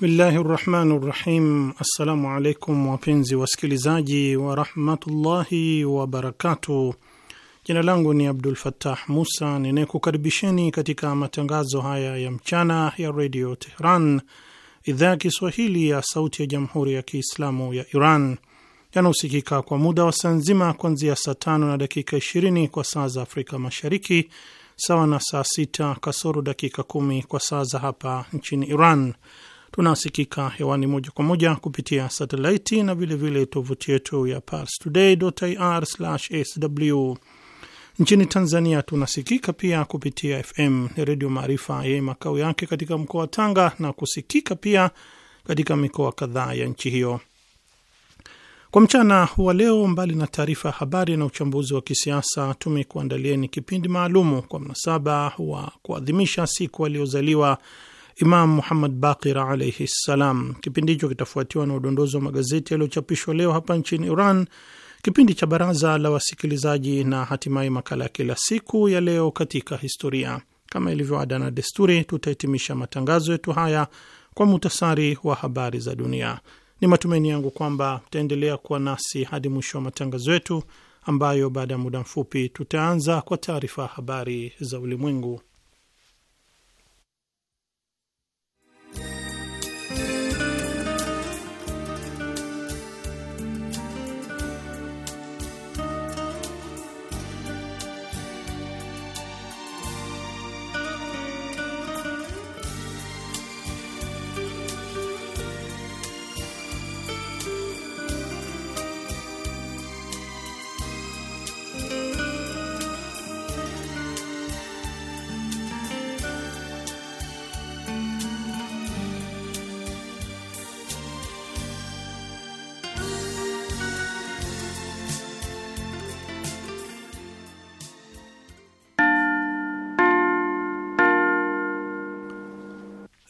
Bismillahi rrahmani rrahim. Assalamu alaikum wapenzi wasikilizaji warahmatullahi wabarakatuh. Jina langu ni Abdul Fattah Musa ninayekukaribisheni katika matangazo haya ya mchana ya redio Tehran, idhaa ya Kiswahili ya sauti ya jamhuri ya Kiislamu ya Iran yanaosikika kwa muda wa saa nzima kuanzia saa tano na dakika 20 kwa saa za Afrika Mashariki, sawa na saa sita kasoro dakika kumi kwa saa za hapa nchini Iran Tunasikika hewani moja kwa moja kupitia satelaiti na vilevile tovuti yetu ya parstoday.ir/sw. Nchini Tanzania tunasikika pia kupitia FM ni Redio Maarifa yenye makao yake katika mkoa wa Tanga na kusikika pia katika mikoa kadhaa ya nchi hiyo. Kwa mchana wa leo, mbali na taarifa ya habari na uchambuzi wa kisiasa, tumekuandalieni kipindi maalumu kwa mnasaba wa kuadhimisha siku aliyozaliwa Imam Muhammad Bakir alaihi ssalam. Kipindi hicho kitafuatiwa na udondozi wa magazeti yaliyochapishwa leo hapa nchini Iran, kipindi cha baraza la wasikilizaji na hatimaye makala ya kila siku ya leo katika historia. Kama ilivyo ada na desturi, tutahitimisha matangazo yetu haya kwa muhtasari wa habari za dunia. Ni matumaini yangu kwamba mtaendelea kuwa nasi hadi mwisho wa matangazo yetu, ambayo baada ya muda mfupi tutaanza kwa taarifa ya habari za ulimwengu.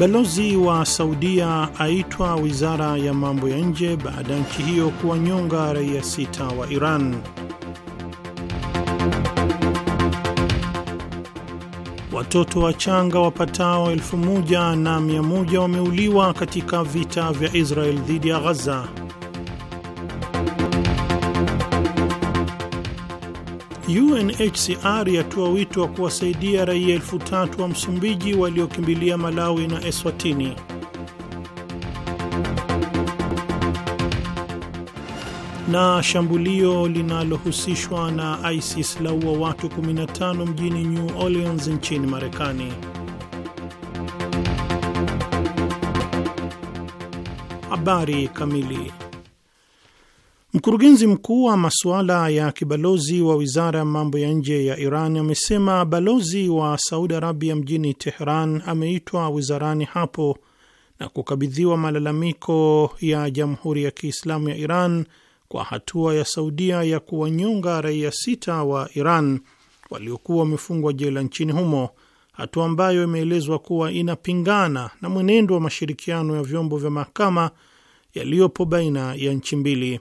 Balozi wa Saudia aitwa wizara ya mambo ya nje baada ya nchi hiyo kuwanyonga raia sita wa Iran. Watoto wachanga wapatao elfu moja na mia moja wameuliwa katika vita vya Israel dhidi ya Ghaza. UNHCR yatoa wito wa kuwasaidia raia elfu tatu wa Msumbiji waliokimbilia Malawi na Eswatini. Na shambulio linalohusishwa na ISIS laua watu 15 mjini New Orleans nchini Marekani. Habari kamili Mkurugenzi mkuu wa masuala ya kibalozi wa wizara ya mambo ya nje ya Iran amesema balozi wa Saudi Arabia mjini Tehran ameitwa wizarani hapo na kukabidhiwa malalamiko ya Jamhuri ya Kiislamu ya Iran kwa hatua ya Saudia ya kuwanyonga raia sita wa Iran waliokuwa wamefungwa jela nchini humo, hatua ambayo imeelezwa kuwa inapingana na mwenendo wa mashirikiano ya vyombo vya mahakama yaliyopo baina ya nchi mbili.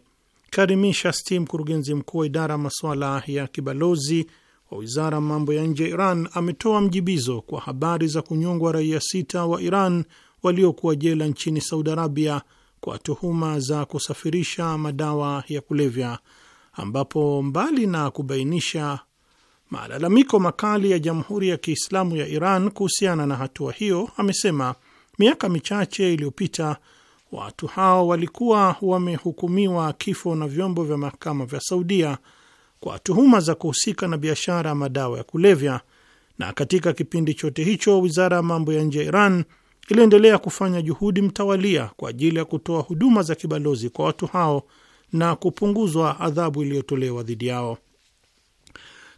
Karimisha Shasti, mkurugenzi mkuu wa idara ya masuala ya kibalozi wa wizara mambo ya nje ya Iran, ametoa mjibizo kwa habari za kunyongwa raia sita wa Iran waliokuwa jela nchini Saudi Arabia kwa tuhuma za kusafirisha madawa ya kulevya, ambapo mbali na kubainisha malalamiko makali ya Jamhuri ya Kiislamu ya Iran kuhusiana na hatua hiyo, amesema miaka michache iliyopita Watu hao walikuwa wamehukumiwa kifo na vyombo vya mahakama vya Saudia kwa tuhuma za kuhusika na biashara ya madawa ya kulevya, na katika kipindi chote hicho wizara ya mambo ya nje ya Iran iliendelea kufanya juhudi mtawalia kwa ajili ya kutoa huduma za kibalozi kwa watu hao na kupunguzwa adhabu iliyotolewa dhidi yao.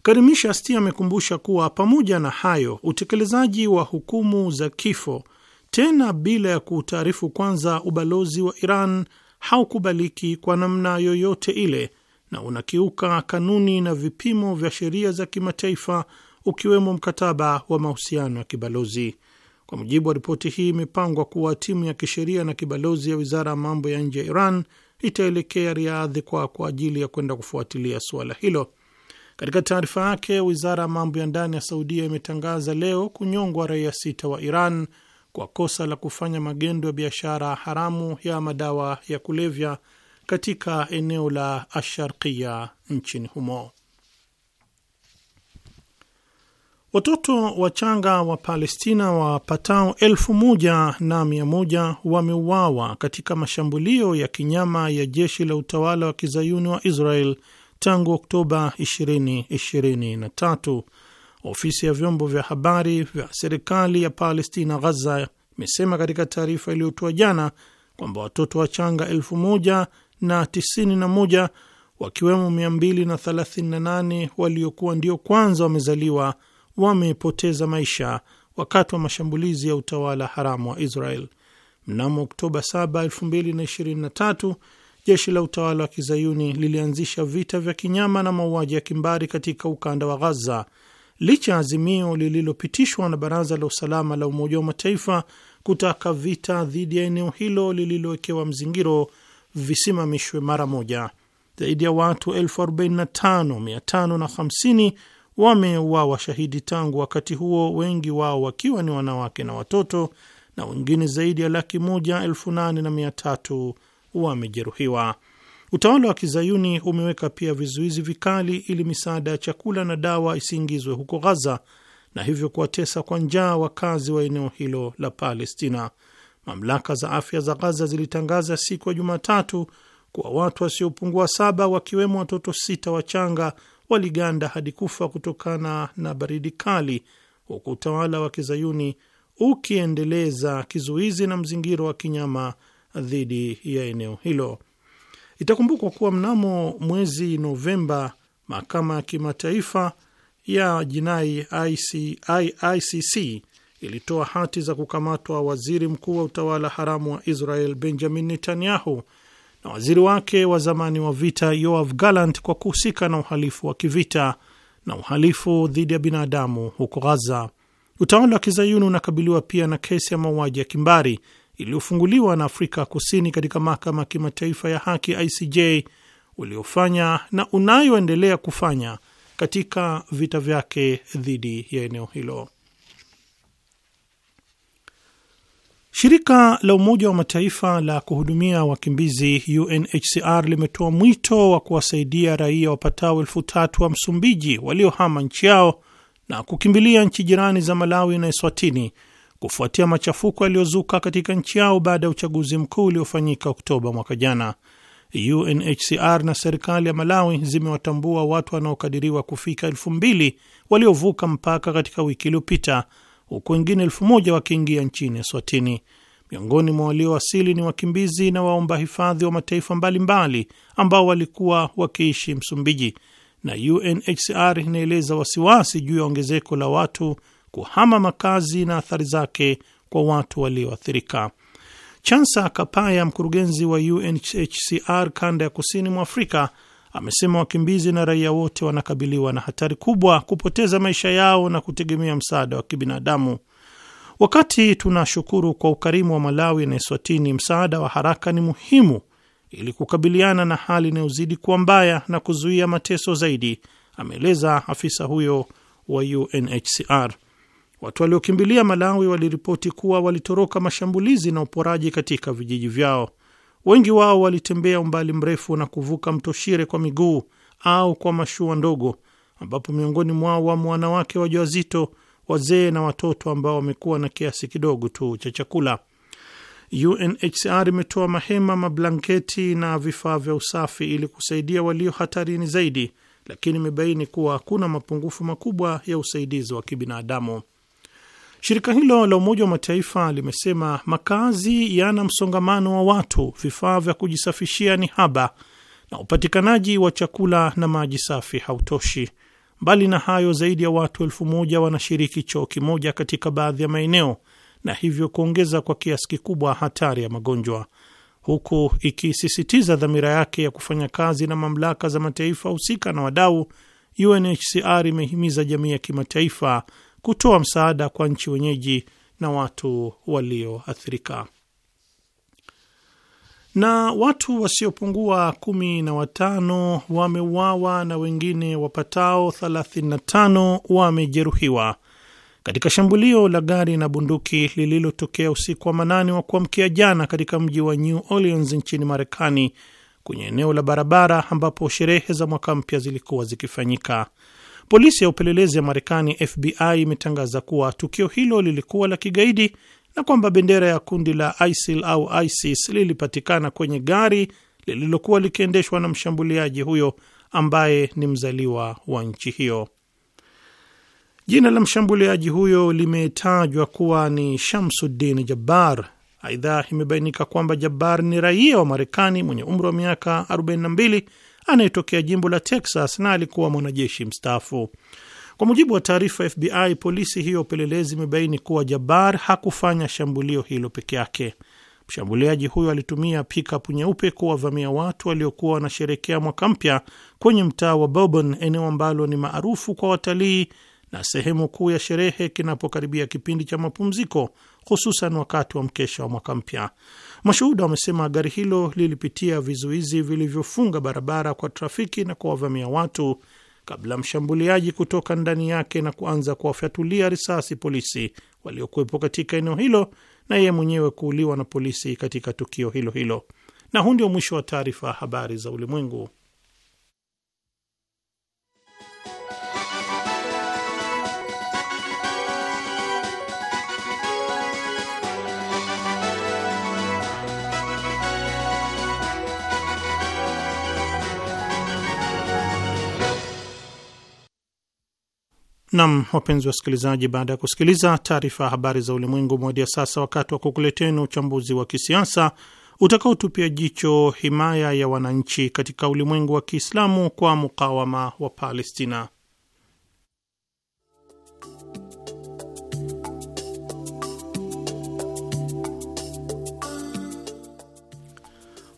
Karimisha Asti amekumbusha kuwa pamoja na hayo, utekelezaji wa hukumu za kifo tena bila ya kuutaarifu kwanza ubalozi wa Iran haukubaliki kwa namna yoyote ile na unakiuka kanuni na vipimo vya sheria za kimataifa ukiwemo mkataba wa mahusiano ya kibalozi. Kwa mujibu wa ripoti hii, imepangwa kuwa timu ya kisheria na kibalozi ya wizara ya mambo ya nje ya Iran itaelekea Riadhi kwa kwa ajili ya kwenda kufuatilia suala hilo. Katika taarifa yake, wizara ya mambo ya ndani ya Saudia imetangaza leo kunyongwa raia sita wa Iran kwa kosa la kufanya magendo ya biashara haramu ya madawa ya kulevya katika eneo la Asharkia nchini humo. Watoto wachanga wa Palestina wapatao elfu moja na mia moja wameuawa katika mashambulio ya kinyama ya jeshi la utawala wa kizayuni wa Israel tangu Oktoba 2023 Ofisi ya vyombo vya habari vya serikali ya Palestina Ghaza imesema katika taarifa iliyotoa jana kwamba watoto wachanga changa moja wakiwemo 238 waliokuwa ndio kwanza wamezaliwa wamepoteza maisha wakati wa mashambulizi ya utawala haramu wa Israel. Mnamo Oktoba 7, 2023 jeshi la utawala wa kizayuni lilianzisha vita vya kinyama na mauaji ya kimbari katika ukanda wa Ghaza licha ya azimio lililopitishwa na Baraza la Usalama la Umoja wa Mataifa kutaka vita dhidi ya eneo hilo lililowekewa mzingiro visimamishwe mara moja. Zaidi ya watu 45550 wameuawa shahidi tangu wakati huo, wengi wao wakiwa ni wanawake na watoto, na wengine zaidi ya laki moja elfu nane na mia tatu wamejeruhiwa. Utawala wa kizayuni umeweka pia vizuizi vikali ili misaada ya chakula na dawa isiingizwe huko Ghaza na hivyo kuwatesa kwa njaa wakazi wa eneo hilo la Palestina. Mamlaka za afya za Ghaza zilitangaza siku ya Jumatatu kuwa watu wasiopungua saba wakiwemo watoto sita wachanga waliganda hadi kufa kutokana na baridi kali, huku utawala wa kizayuni ukiendeleza kizuizi na mzingiro wa kinyama dhidi ya eneo hilo. Itakumbukwa kuwa mnamo mwezi Novemba mahakama ya kimataifa ya jinai ICC ilitoa hati za kukamatwa waziri mkuu wa utawala haramu wa Israel Benjamin Netanyahu na waziri wake wa zamani wa vita Yoav Gallant kwa kuhusika na uhalifu wa kivita na uhalifu dhidi ya binadamu huko Ghaza. Utawala wa kizayuni unakabiliwa pia na kesi ya mauaji ya kimbari iliyofunguliwa na Afrika Kusini katika mahakama ya kimataifa ya haki ICJ uliofanya na unayoendelea kufanya katika vita vyake dhidi ya eneo hilo. Shirika la Umoja wa Mataifa la kuhudumia wakimbizi UNHCR limetoa mwito wa kuwasaidia raia wapatao elfu tatu wa Msumbiji waliohama nchi yao na kukimbilia nchi jirani za Malawi na Eswatini kufuatia machafuko yaliyozuka katika nchi yao baada ya uchaguzi mkuu uliofanyika Oktoba mwaka jana. UNHCR na serikali ya Malawi zimewatambua watu wanaokadiriwa kufika elfu mbili waliovuka mpaka katika wiki iliyopita, huku wengine elfu moja wakiingia nchini Eswatini. Miongoni mwa waliowasili ni wakimbizi na waomba hifadhi wa mataifa mbalimbali ambao walikuwa wakiishi Msumbiji, na UNHCR inaeleza wasiwasi juu ya ongezeko la watu kuhama makazi na athari zake kwa watu walioathirika. Chansa Kapaya, mkurugenzi wa UNHCR kanda ya kusini mwa Afrika, amesema wakimbizi na raia wote wanakabiliwa na hatari kubwa kupoteza maisha yao na kutegemea msaada wa kibinadamu. Wakati tunashukuru kwa ukarimu wa Malawi na Eswatini, msaada wa haraka ni muhimu ili kukabiliana na hali inayozidi kuwa mbaya na kuzuia mateso zaidi, ameeleza afisa huyo wa UNHCR. Watu waliokimbilia Malawi waliripoti kuwa walitoroka mashambulizi na uporaji katika vijiji vyao. Wengi wao walitembea umbali mrefu na kuvuka mto Shire kwa miguu au kwa mashua ndogo, ambapo miongoni mwao wamo wanawake wajawazito, wazee na watoto ambao wamekuwa na kiasi kidogo tu cha chakula. UNHCR imetoa mahema, mablanketi na vifaa vya usafi ili kusaidia walio hatarini zaidi, lakini imebaini kuwa kuna mapungufu makubwa ya usaidizi wa kibinadamu. Shirika hilo la Umoja wa Mataifa limesema makazi yana msongamano wa watu, vifaa vya kujisafishia ni haba na upatikanaji wa chakula na maji safi hautoshi. Mbali na hayo, zaidi ya watu elfu moja wanashiriki choo kimoja katika baadhi ya maeneo na hivyo kuongeza kwa kiasi kikubwa hatari ya magonjwa, huku ikisisitiza dhamira yake ya kufanya kazi na mamlaka za mataifa husika na wadau. UNHCR imehimiza jamii ya kimataifa kutoa msaada kwa nchi wenyeji na watu walioathirika. Na watu wasiopungua kumi na watano wameuawa na wengine wapatao 35 wamejeruhiwa katika shambulio la gari na bunduki lililotokea usiku wa manane wa kuamkia jana katika mji wa New Orleans nchini Marekani, kwenye eneo la barabara ambapo sherehe za mwaka mpya zilikuwa zikifanyika. Polisi ya upelelezi ya Marekani FBI imetangaza kuwa tukio hilo lilikuwa la kigaidi na kwamba bendera ya kundi la ISIL au ISIS lilipatikana kwenye gari lililokuwa likiendeshwa na mshambuliaji huyo ambaye ni mzaliwa wa nchi hiyo. Jina la mshambuliaji huyo limetajwa kuwa ni Shamsuddin Jabbar. Aidha, imebainika kwamba Jabbar ni raia wa Marekani mwenye umri wa miaka 42 anayetokea jimbo la Texas na alikuwa mwanajeshi mstaafu. Kwa mujibu wa taarifa FBI, polisi hiyo upelelezi imebaini kuwa Jabbar hakufanya shambulio hilo peke yake. Mshambuliaji huyo alitumia pikapu nyeupe kuwavamia watu waliokuwa wanasherekea mwaka mpya kwenye mtaa wa Bourbon, eneo ambalo ni maarufu kwa watalii na sehemu kuu ya sherehe kinapokaribia kipindi cha mapumziko, hususan wakati wa mkesha wa mwaka mpya. Mashuhuda wamesema gari hilo lilipitia vizuizi vilivyofunga barabara kwa trafiki na kuwavamia watu kabla mshambuliaji kutoka ndani yake na kuanza kuwafyatulia risasi polisi waliokuwepo katika eneo hilo na yeye mwenyewe kuuliwa na polisi katika tukio hilo hilo. Na huu ndio mwisho wa taarifa ya habari za ulimwengu. Nam, wapenzi wasikilizaji, baada ya kusikiliza taarifa ya habari za ulimwengu, moja sasa wakati wa kukuleteni uchambuzi wa kisiasa utakaotupia jicho himaya ya wananchi katika ulimwengu wa Kiislamu kwa mukawama wa Palestina.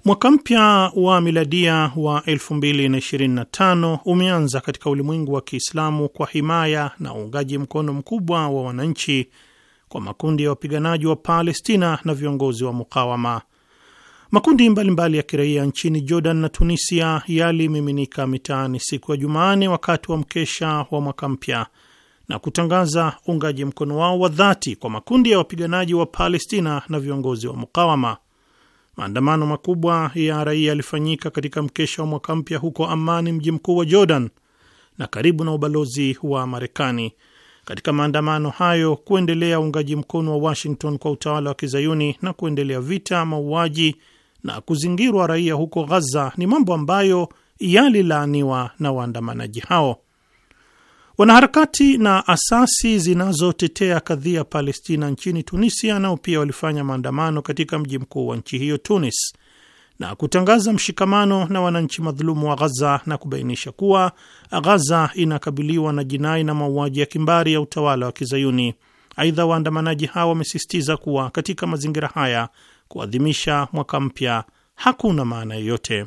Mwaka mpya wa miladia wa 2025 umeanza katika ulimwengu wa Kiislamu kwa himaya na uungaji mkono mkubwa wa wananchi kwa makundi ya wapiganaji wa Palestina na viongozi wa mukawama. Makundi mbalimbali mbali ya kiraia nchini Jordan na Tunisia yalimiminika mitaani siku ya Jumane wakati wa mkesha wa mwaka mpya na kutangaza uungaji mkono wao wa dhati kwa makundi ya wapiganaji wa Palestina na viongozi wa mukawama. Maandamano makubwa ya raia yalifanyika katika mkesha wa mwaka mpya huko Amani, mji mkuu wa Jordan na karibu na ubalozi wa Marekani. Katika maandamano hayo, kuendelea uungaji mkono wa Washington kwa utawala wa kizayuni na kuendelea vita, mauaji na kuzingirwa raia huko Ghaza ni mambo ambayo yalilaaniwa na waandamanaji hao. Wanaharakati na asasi zinazotetea kadhia Palestina nchini Tunisia nao pia walifanya maandamano katika mji mkuu wa nchi hiyo Tunis na kutangaza mshikamano na wananchi madhulumu wa Ghaza na kubainisha kuwa Ghaza inakabiliwa na jinai na mauaji ya kimbari ya utawala wa Kizayuni. Aidha, waandamanaji hao wamesisitiza kuwa katika mazingira haya kuadhimisha mwaka mpya hakuna maana yoyote.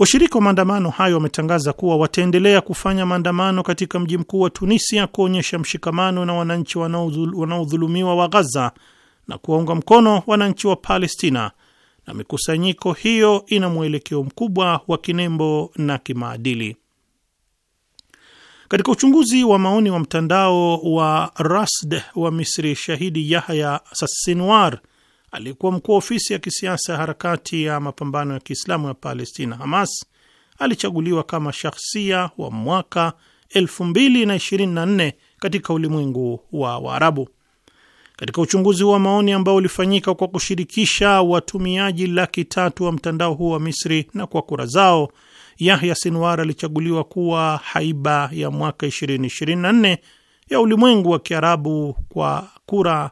Washiriki wa maandamano hayo wametangaza kuwa wataendelea kufanya maandamano katika mji mkuu wa Tunisia kuonyesha mshikamano na wananchi wanaodhulumiwa wa Ghaza na kuwaunga mkono wananchi wa Palestina, na mikusanyiko hiyo ina mwelekeo mkubwa wa kinembo na kimaadili. Katika uchunguzi wa maoni wa mtandao wa Rasd wa Misri, shahidi Yahya Sassinwar aliyekuwa mkuu wa ofisi ya kisiasa ya harakati ya mapambano ya Kiislamu ya Palestina, Hamas, alichaguliwa kama shahsia wa mwaka 2024 katika ulimwengu wa Waarabu. Katika uchunguzi wa maoni ambao ulifanyika kwa kushirikisha watumiaji laki tatu wa mtandao huu wa Misri na kwa kura zao, Yahya Sinwar alichaguliwa kuwa haiba ya mwaka 2024 ya ulimwengu wa Kiarabu kwa kura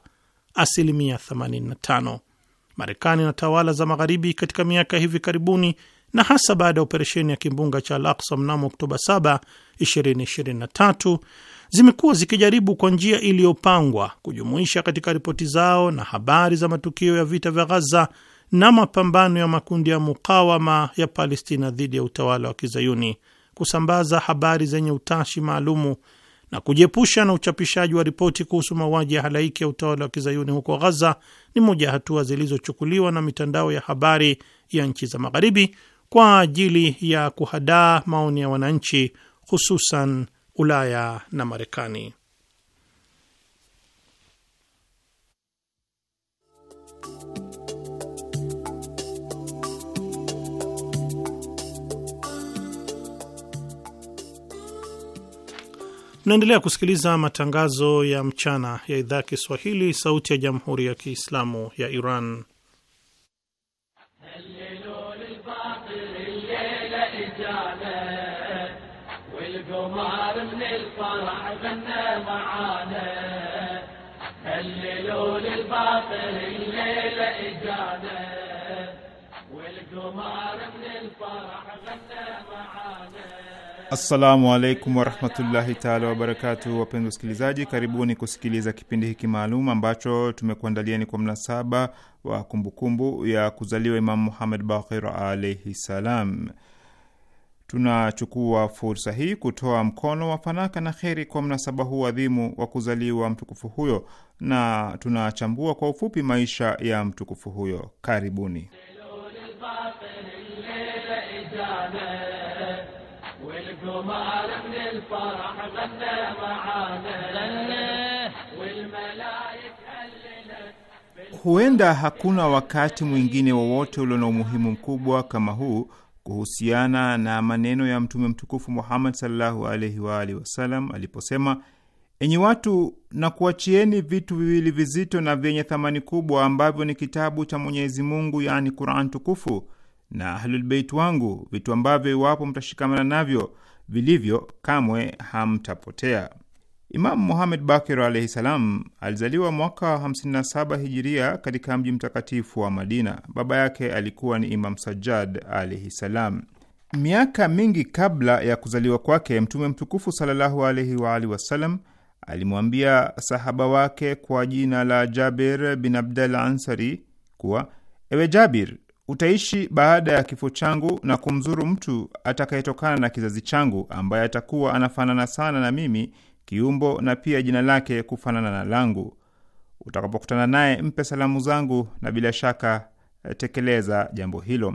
asilimia 85. Marekani na tawala za magharibi katika miaka hivi karibuni na hasa baada ya operesheni ya kimbunga cha Al-Aqsa mnamo Oktoba 7, 2023 zimekuwa zikijaribu kwa njia iliyopangwa kujumuisha katika ripoti zao na habari za matukio ya vita vya Ghaza na mapambano ya makundi ya mukawama ya Palestina dhidi ya utawala wa Kizayuni, kusambaza habari zenye utashi maalumu na kujiepusha na uchapishaji wa ripoti kuhusu mauaji ya halaiki ya utawala wa kizayuni huko Ghaza ni moja ya hatua zilizochukuliwa na mitandao ya habari ya nchi za Magharibi kwa ajili ya kuhadaa maoni ya wananchi, hususan Ulaya na Marekani. Mnaendelea kusikiliza matangazo ya mchana ya idhaa Kiswahili sauti ya jamhuri ya Kiislamu ya Iran. Assalamu alaikum warahmatullahi taala wabarakatu. Wapenzi wasikilizaji, karibuni kusikiliza kipindi hiki maalum ambacho tumekuandaliani kwa mnasaba wa kumbukumbu kumbu ya kuzaliwa Imamu Muhammad Baqir alaihi salam. Tunachukua fursa hii kutoa mkono wa fanaka na kheri kwa mnasaba huu adhimu wa kuzaliwa mtukufu huyo, na tunachambua kwa ufupi maisha ya mtukufu huyo. Karibuni. من الفرح غنى معانا Huenda hakuna wakati mwingine wowote ulio na umuhimu mkubwa kama huu kuhusiana na maneno ya Mtume mtukufu Muhammad sallallahu alaihi wa alihi wasallam aliposema, enyi watu, na kuachieni vitu viwili vizito na vyenye thamani kubwa ambavyo ni kitabu cha Mwenyezi Mungu, yani Quran tukufu na Ahlulbeit wangu, vitu ambavyo iwapo mtashikamana navyo vilivyo, kamwe hamtapotea. Imamu Muhamed Bakir alaihi salam alizaliwa mwaka 57 hijiria katika mji mtakatifu wa Madina. Baba yake alikuwa ni Imam Sajjad alaihi salam. Miaka mingi kabla ya kuzaliwa kwake, Mtume mtukufu sallallahu alaihi wa alihi wasallam alimwambia sahaba wake kwa jina la Jabir bin Abdal Ansari kuwa, ewe Jabir, utaishi baada ya kifo changu na kumzuru mtu atakayetokana na kizazi changu ambaye atakuwa anafanana sana na mimi kiumbo na pia jina lake kufanana na langu. Utakapokutana naye mpe salamu zangu na bila shaka eh, tekeleza jambo hilo.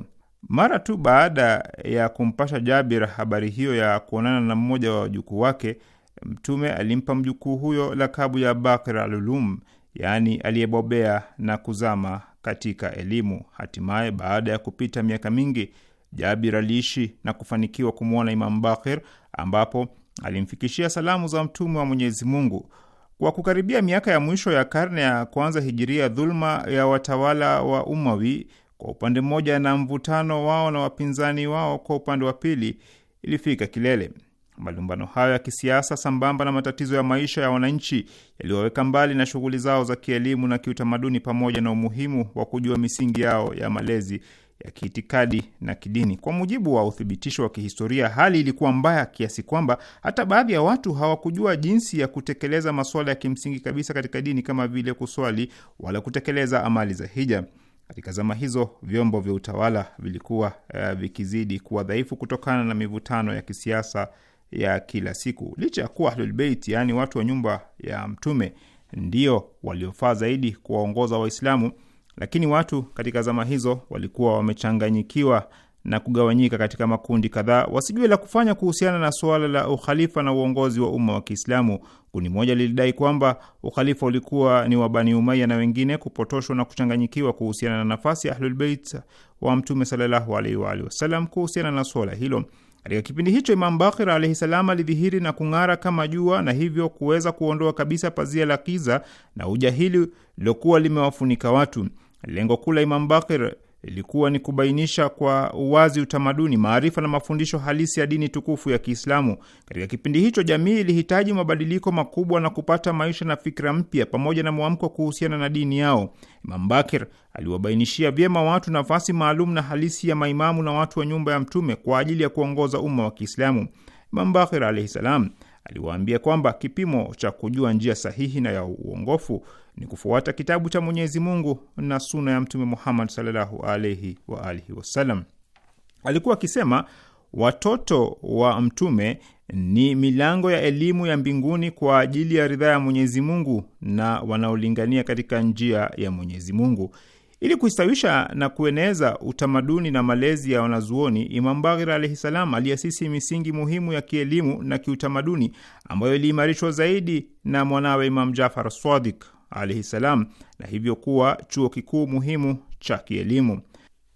Mara tu baada ya kumpasha Jabir habari hiyo ya kuonana na mmoja wa wajukuu wake, Mtume alimpa mjukuu huyo lakabu ya bakr Alulum, yaani aliyebobea na kuzama katika elimu. Hatimaye, baada ya kupita miaka mingi, Jabir aliishi na kufanikiwa kumwona imamu Bakir, ambapo alimfikishia salamu za Mtume wa Mwenyezi Mungu. Kwa kukaribia miaka ya mwisho ya karne ya kwanza hijiria, dhuluma ya watawala wa Umawi kwa upande mmoja na mvutano wao na wapinzani wao kwa upande wa pili ilifika kilele. Malumbano hayo ya kisiasa sambamba na matatizo ya maisha ya wananchi yaliyoweka mbali na shughuli zao za kielimu na kiutamaduni, pamoja na umuhimu wa kujua misingi yao ya malezi ya kiitikadi na kidini. Kwa mujibu wa uthibitisho wa kihistoria, hali ilikuwa mbaya kiasi kwamba hata baadhi ya watu hawakujua jinsi ya kutekeleza masuala ya kimsingi kabisa katika dini kama vile kuswali wala kutekeleza amali za hija. Katika zama hizo vyombo vya utawala vilikuwa uh, vikizidi kuwa dhaifu kutokana na mivutano ya kisiasa ya kila siku. Licha ya kuwa Ahlulbeit, yaani watu wa nyumba ya Mtume, ndio waliofaa zaidi kuwaongoza Waislamu, lakini watu katika zama hizo walikuwa wamechanganyikiwa na kugawanyika katika makundi kadhaa, wasijue la kufanya kuhusiana na suala la ukhalifa na uongozi wa umma wa Kiislamu. Kundi moja lilidai kwamba ukhalifa ulikuwa ni wa Bani Umayya na wengine kupotoshwa na kuchanganyikiwa kuhusiana na nafasi ya Ahlulbeit wa Mtume sallallahu alaihi wa alihi wasallam kuhusiana na suala hilo. Katika kipindi hicho Imam Bakir alaihi salam alidhihiri na kung'ara kama jua na hivyo kuweza kuondoa kabisa pazia la kiza na ujahili lilokuwa limewafunika watu. Lengo kuu la Imam Bakir ilikuwa ni kubainisha kwa uwazi utamaduni, maarifa na mafundisho halisi ya dini tukufu ya Kiislamu. Katika kipindi hicho, jamii ilihitaji mabadiliko makubwa na kupata maisha na fikra mpya pamoja na mwamko kuhusiana na dini yao. Imam Bakir aliwabainishia vyema watu nafasi maalum na halisi ya maimamu na watu wa nyumba ya Mtume kwa ajili ya kuongoza umma wa Kiislamu. Imam Bakir alaihi salam aliwaambia kwamba kipimo cha kujua njia sahihi na ya uongofu ni kufuata kitabu cha Mwenyezi Mungu na suna ya Mtume Muhammad sallallahu alaihi wa alihi wasallam. Alikuwa akisema watoto wa Mtume ni milango ya elimu ya mbinguni kwa ajili ya ridhaa ya Mwenyezi Mungu na wanaolingania katika njia ya Mwenyezi Mungu. Ili kuistawisha na kueneza utamaduni na malezi ya wanazuoni, Imam Baghir alaihi salam aliasisi misingi muhimu ya kielimu na kiutamaduni ambayo iliimarishwa zaidi na mwanawe Imam Jafar Swadik alaihi salam, na hivyo kuwa chuo kikuu muhimu cha kielimu.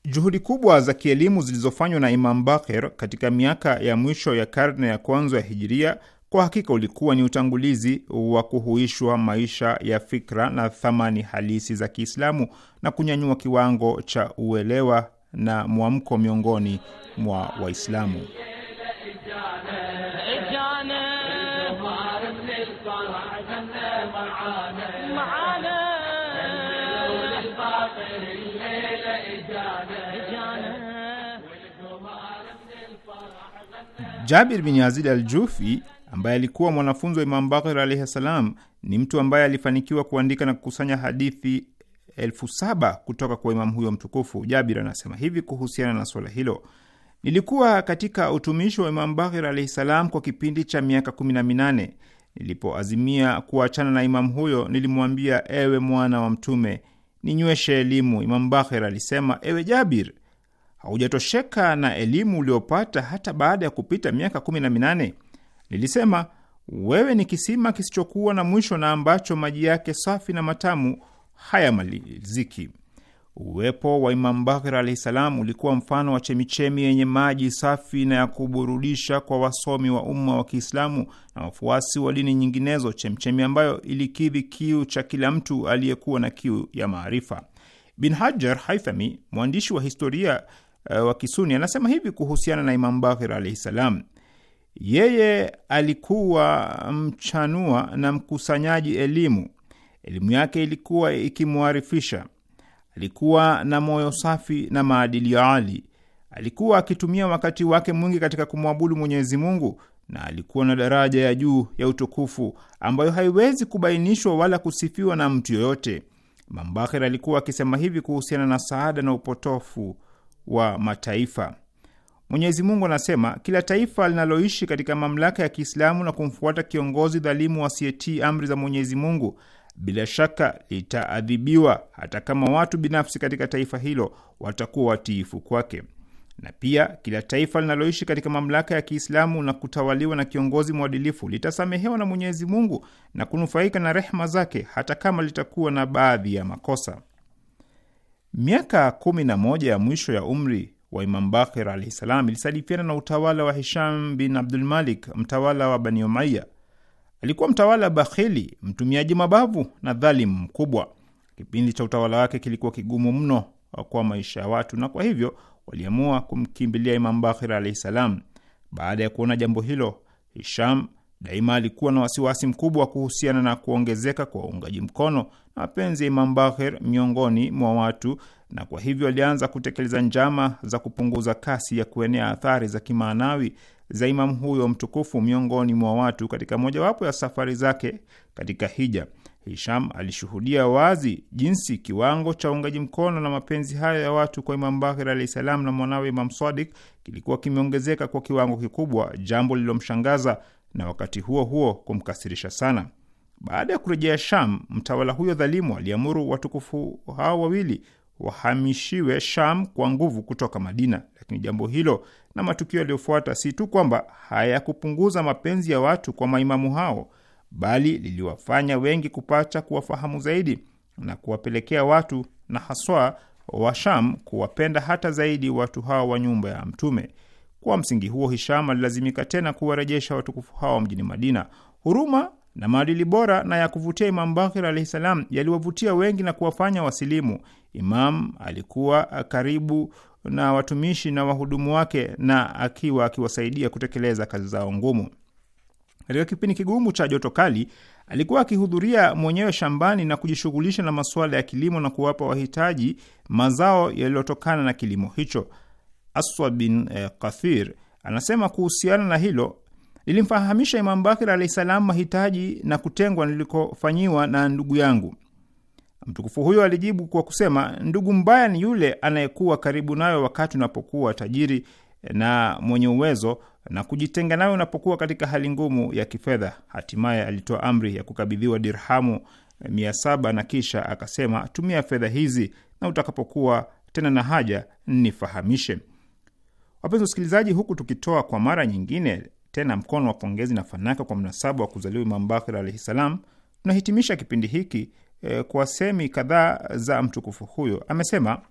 Juhudi kubwa za kielimu zilizofanywa na Imam Bakir katika miaka ya mwisho ya karne ya kwanza ya Hijiria kwa hakika ulikuwa ni utangulizi wa kuhuishwa maisha ya fikra na thamani halisi za Kiislamu na kunyanyua kiwango cha uelewa na mwamko miongoni mwa Waislamu. Jabir bin Yazid al-Jufi ambaye alikuwa mwanafunzi wa Imam Bakir alaihi ssalam ni mtu ambaye alifanikiwa kuandika na kukusanya hadithi elfu saba kutoka kwa imamu huyo mtukufu. Jabir anasema hivi kuhusiana na swala hilo: nilikuwa katika utumishi wa Imam Bakir alaihi ssalam kwa kipindi cha miaka kumi na minane. Nilipoazimia kuachana na imamu huyo, nilimwambia, ewe mwana wa Mtume, ninyweshe elimu. Imam Bakir alisema, ewe Jabir, haujatosheka na elimu uliopata hata baada ya kupita miaka kumi na minane? lilisema, wewe ni kisima kisichokuwa na mwisho na ambacho maji yake safi na matamu hayamaliziki. Uwepo wa Imam Bakir alahi salam ulikuwa mfano wa chemichemi yenye maji safi na ya kuburudisha kwa wasomi wa umma wa Kiislamu na wafuasi wa dini nyinginezo, chemichemi ambayo ilikidhi kiu cha kila mtu aliyekuwa na kiu ya maarifa. Bin Hajar Haithami, mwandishi wa historia uh, wa Kisuni, anasema hivi kuhusiana na Imam Bakir alahi salam: yeye alikuwa mchanua na mkusanyaji elimu. Elimu yake ilikuwa ikimwarifisha. Alikuwa na moyo safi na maadili ya ali. Alikuwa akitumia wakati wake mwingi katika kumwabudu Mwenyezi Mungu, na alikuwa na daraja ya juu ya utukufu ambayo haiwezi kubainishwa wala kusifiwa na mtu yoyote. Imam alikuwa akisema hivi kuhusiana na saada na upotofu wa mataifa: Mwenyezi Mungu anasema, kila taifa linaloishi katika mamlaka ya Kiislamu na kumfuata kiongozi dhalimu asiyetii amri za Mwenyezi Mungu bila shaka litaadhibiwa, hata kama watu binafsi katika taifa hilo watakuwa watiifu kwake. Na pia kila taifa linaloishi katika mamlaka ya Kiislamu na kutawaliwa na kiongozi mwadilifu litasamehewa na Mwenyezi Mungu na kunufaika na rehma zake, hata kama litakuwa na baadhi ya makosa. Miaka kumi na moja ya mwisho ya umri wa Imam Bakir alaihi salam ilisadifiana na utawala wa Hisham bin Abdulmalik, mtawala wa Bani Umaya. Alikuwa mtawala bakhili, mtumiaji mabavu na dhalimu mkubwa. Kipindi cha utawala wake kilikuwa kigumu mno kwa maisha ya watu, na kwa hivyo waliamua kumkimbilia Imam Bakir alaihi salam. Baada ya kuona jambo hilo, Hisham daima alikuwa na wasiwasi mkubwa kuhusiana na kuongezeka kwa uungaji mkono na mapenzi ya Imam Bakir miongoni mwa watu na kwa hivyo alianza kutekeleza njama za kupunguza kasi ya kuenea athari za kimaanawi za imamu huyo mtukufu miongoni mwa watu. Katika mojawapo ya safari zake katika hija, Hisham alishuhudia wazi jinsi kiwango cha uungaji mkono na mapenzi hayo ya watu kwa Imam Bakir alahi salam na mwanawe Imam Sadik kilikuwa kimeongezeka kwa kiwango kikubwa, jambo lililomshangaza na wakati huo huo kumkasirisha sana. Baada ya kurejea Sham, mtawala huyo dhalimu aliamuru watukufu hao wawili wahamishiwe Sham kwa nguvu kutoka Madina. Lakini jambo hilo na matukio yaliyofuata si tu kwamba hayakupunguza mapenzi ya watu kwa maimamu hao, bali liliwafanya wengi kupata kuwafahamu zaidi na kuwapelekea watu na haswa wa Sham kuwapenda hata zaidi watu hao wa nyumba ya Mtume. Kwa msingi huo, Hisham alilazimika tena kuwarejesha watukufu hao mjini Madina. Huruma na maadili bora na ya kuvutia Imam Bakir alahi salam yaliwavutia wengi na kuwafanya wasilimu. Imam alikuwa karibu na watumishi na wahudumu wake na akiwa akiwasaidia kutekeleza kazi zao ngumu. Katika kipindi kigumu cha joto kali, alikuwa akihudhuria mwenyewe shambani na kujishughulisha na masuala ya kilimo na kuwapa wahitaji mazao yaliyotokana na kilimo hicho. Aswa bin eh, Kathir anasema kuhusiana na hilo Nilimfahamisha Imamu Bakir alahi salam mahitaji na kutengwa nilikofanyiwa na ndugu yangu. Mtukufu huyo alijibu kwa kusema, ndugu mbaya ni yule anayekuwa karibu nayo wakati unapokuwa tajiri na mwenye uwezo na kujitenga nayo unapokuwa katika hali ngumu ya kifedha. Hatimaye alitoa amri ya kukabidhiwa dirhamu mia saba na kisha akasema, tumia fedha hizi na utakapokuwa tena na haja nifahamishe. Wapenzi wasikilizaji, huku tukitoa kwa mara nyingine tena mkono wa pongezi na fanaka kwa mnasaba wa kuzaliwa Imam Bakir alaihi salam, tunahitimisha kipindi hiki e, kwa semi kadhaa za mtukufu huyo. Amesema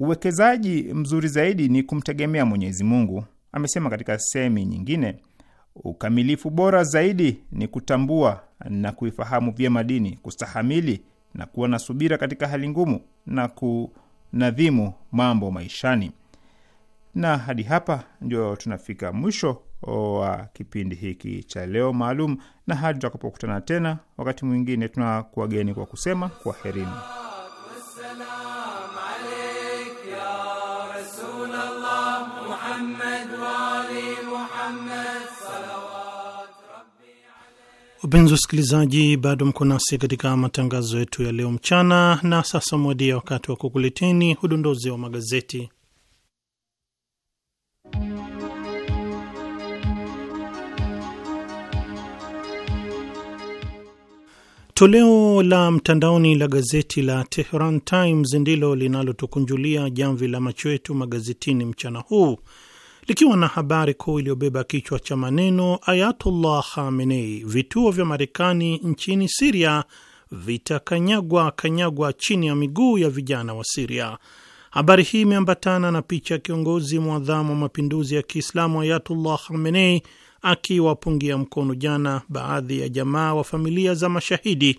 uwekezaji mzuri zaidi ni kumtegemea Mwenyezi Mungu. Amesema katika semi nyingine, ukamilifu bora zaidi ni kutambua na kuifahamu vyema dini, kustahamili na kuwa na subira katika hali ngumu na kunadhimu mambo maishani. Na hadi hapa ndio tunafika mwisho wa kipindi hiki cha leo maalum, na hadi tutakapokutana tena wakati mwingine, tunakuwageni kwa kusema kwaherini. Wapenzi wasikilizaji, bado mko nasi katika matangazo yetu ya leo mchana, na sasa mwadia wakati wa kukuleteni udondozi wa magazeti. Toleo la mtandaoni la gazeti la Tehran Times ndilo linalotukunjulia jamvi la macho yetu magazetini mchana huu likiwa na habari kuu iliyobeba kichwa cha maneno Ayatullah Khamenei, vituo vya Marekani nchini Siria vitakanyagwa kanyagwa chini ya miguu ya vijana wa Siria. Habari hii imeambatana na picha ya kiongozi mwadhamu wa mapinduzi ya Kiislamu Ayatullah Khamenei akiwapungia mkono jana baadhi ya jamaa wa familia za mashahidi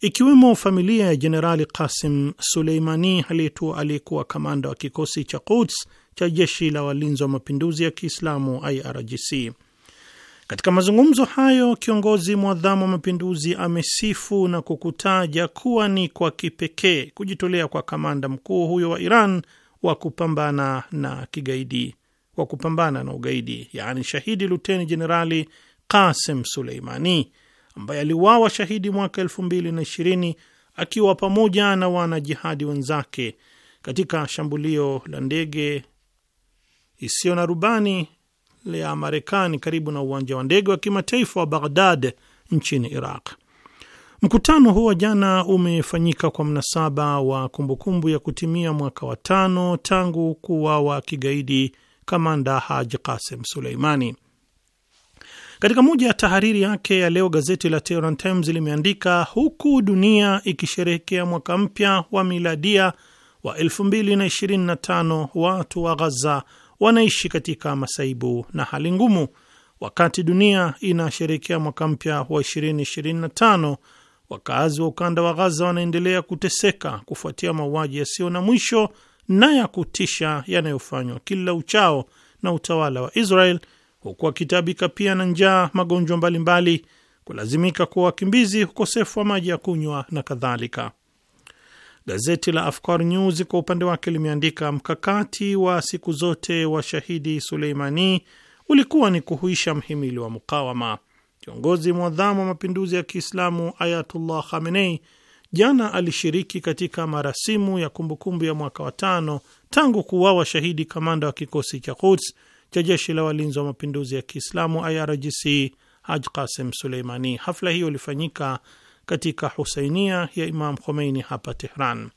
ikiwemo familia ya Jenerali Qasim Suleimani aliyekuwa kamanda wa kikosi cha Quds cha jeshi la walinzi wa mapinduzi ya Kiislamu IRGC. Katika mazungumzo hayo, kiongozi mwadhamu wa mapinduzi amesifu na kukutaja kuwa ni kwa kipekee kujitolea kwa kamanda mkuu huyo wa Iran wa kupambana na kigaidi wa kupambana na ugaidi, yaani shahidi luteni jenerali Kasim Suleimani ambaye aliuawa shahidi mwaka ishirini akiwa pamoja na wanajihadi wenzake katika shambulio la ndege isiyo na rubani la Marekani karibu na uwanja wa ndege wa kimataifa wa Baghdad nchini Iraq. Mkutano huo jana umefanyika kwa mnasaba wa kumbukumbu ya kutimia mwaka wa tano tangu wa kigaidi kamanda Haji Qasim Suleimani. Katika moja ya tahariri yake ya leo, gazeti la Tehran Times limeandika huku dunia ikisherehekea mwaka mpya wa miladia wa 2025 watu wa Ghaza wanaishi katika masaibu na hali ngumu. Wakati dunia inasherehekea mwaka mpya wa 2025, wakazi wa ukanda wa Ghaza wanaendelea kuteseka kufuatia mauaji yasiyo na mwisho na ya kutisha yanayofanywa kila uchao na utawala wa Israel, huku akitabika pia na njaa, magonjwa mbalimbali, kulazimika kuwa wakimbizi, ukosefu wa maji ya kunywa na kadhalika. Gazeti la Afkar News kwa upande wake limeandika mkakati wa siku zote wa shahidi Suleimani ulikuwa ni kuhuisha mhimili wa mukawama. Kiongozi mwadhamu wa mapinduzi ya Kiislamu Ayatullah Khamenei jana alishiriki katika marasimu ya kumbukumbu ya mwaka wa tano tangu kuuawa shahidi kamanda wa kikosi cha Quds cha jeshi la walinzi wa mapinduzi ya Kiislamu IRGC Haj Qasim Suleimani. Hafla hiyo ilifanyika katika Husainia ya Imam Khomeini hapa Tehran.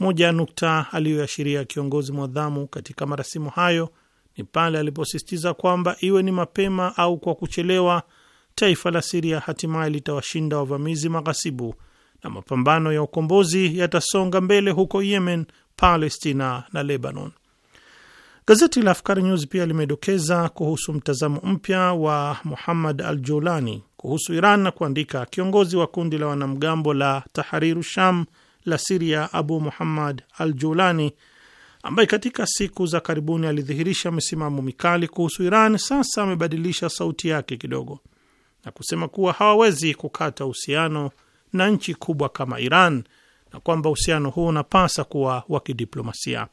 Moja ya nukta aliyoashiria kiongozi mwadhamu katika marasimu hayo ni pale aliposisitiza kwamba iwe ni mapema au kwa kuchelewa, taifa la Siria hatimaye litawashinda wavamizi maghasibu na mapambano ya ukombozi yatasonga mbele huko Yemen, Palestina na Lebanon. Gazeti la Afkari News pia limedokeza kuhusu mtazamo mpya wa Muhammad al Julani kuhusu Iran na kuandika, kiongozi wa kundi la wanamgambo la Tahariru Sham la Siria, Abu Muhammad al Julani ambaye katika siku za karibuni alidhihirisha misimamo mikali kuhusu Iran, sasa amebadilisha sauti yake kidogo na kusema kuwa hawawezi kukata uhusiano na nchi kubwa kama Iran na kwamba uhusiano huu unapasa kuwa wa kidiplomasia.